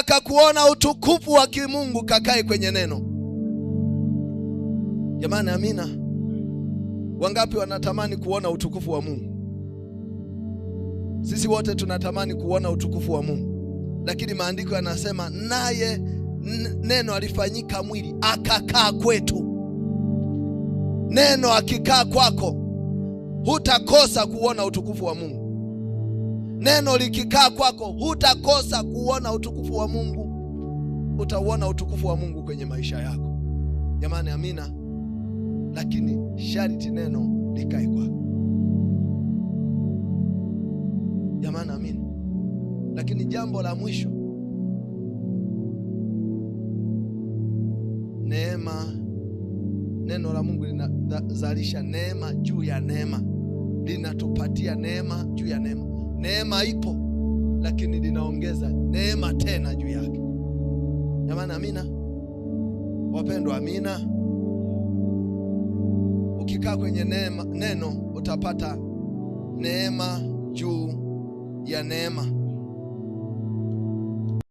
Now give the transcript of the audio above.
unataka kuona utukufu wa kimungu, kakae kwenye neno. Jamani, amina. Wangapi wanatamani kuona utukufu wa Mungu? Sisi wote tunatamani kuona utukufu wa Mungu, lakini maandiko yanasema naye neno alifanyika mwili akakaa kwetu. Neno akikaa kwako, hutakosa kuona utukufu wa Mungu. Neno likikaa kwako, hutakosa kuona utukufu wa Mungu, utauona utukufu wa Mungu kwenye maisha yako. Jamani, amina. Lakini sharti neno likae kwako, jamani, amina. Lakini jambo la mwisho, neema. Neno la Mungu linazalisha neema juu ya neema, linatupatia neema juu ya neema. Neema ipo, lakini linaongeza neema tena juu yake. Jamani, amina wapendwa, amina. Ukikaa kwenye neema, neno utapata neema juu ya neema.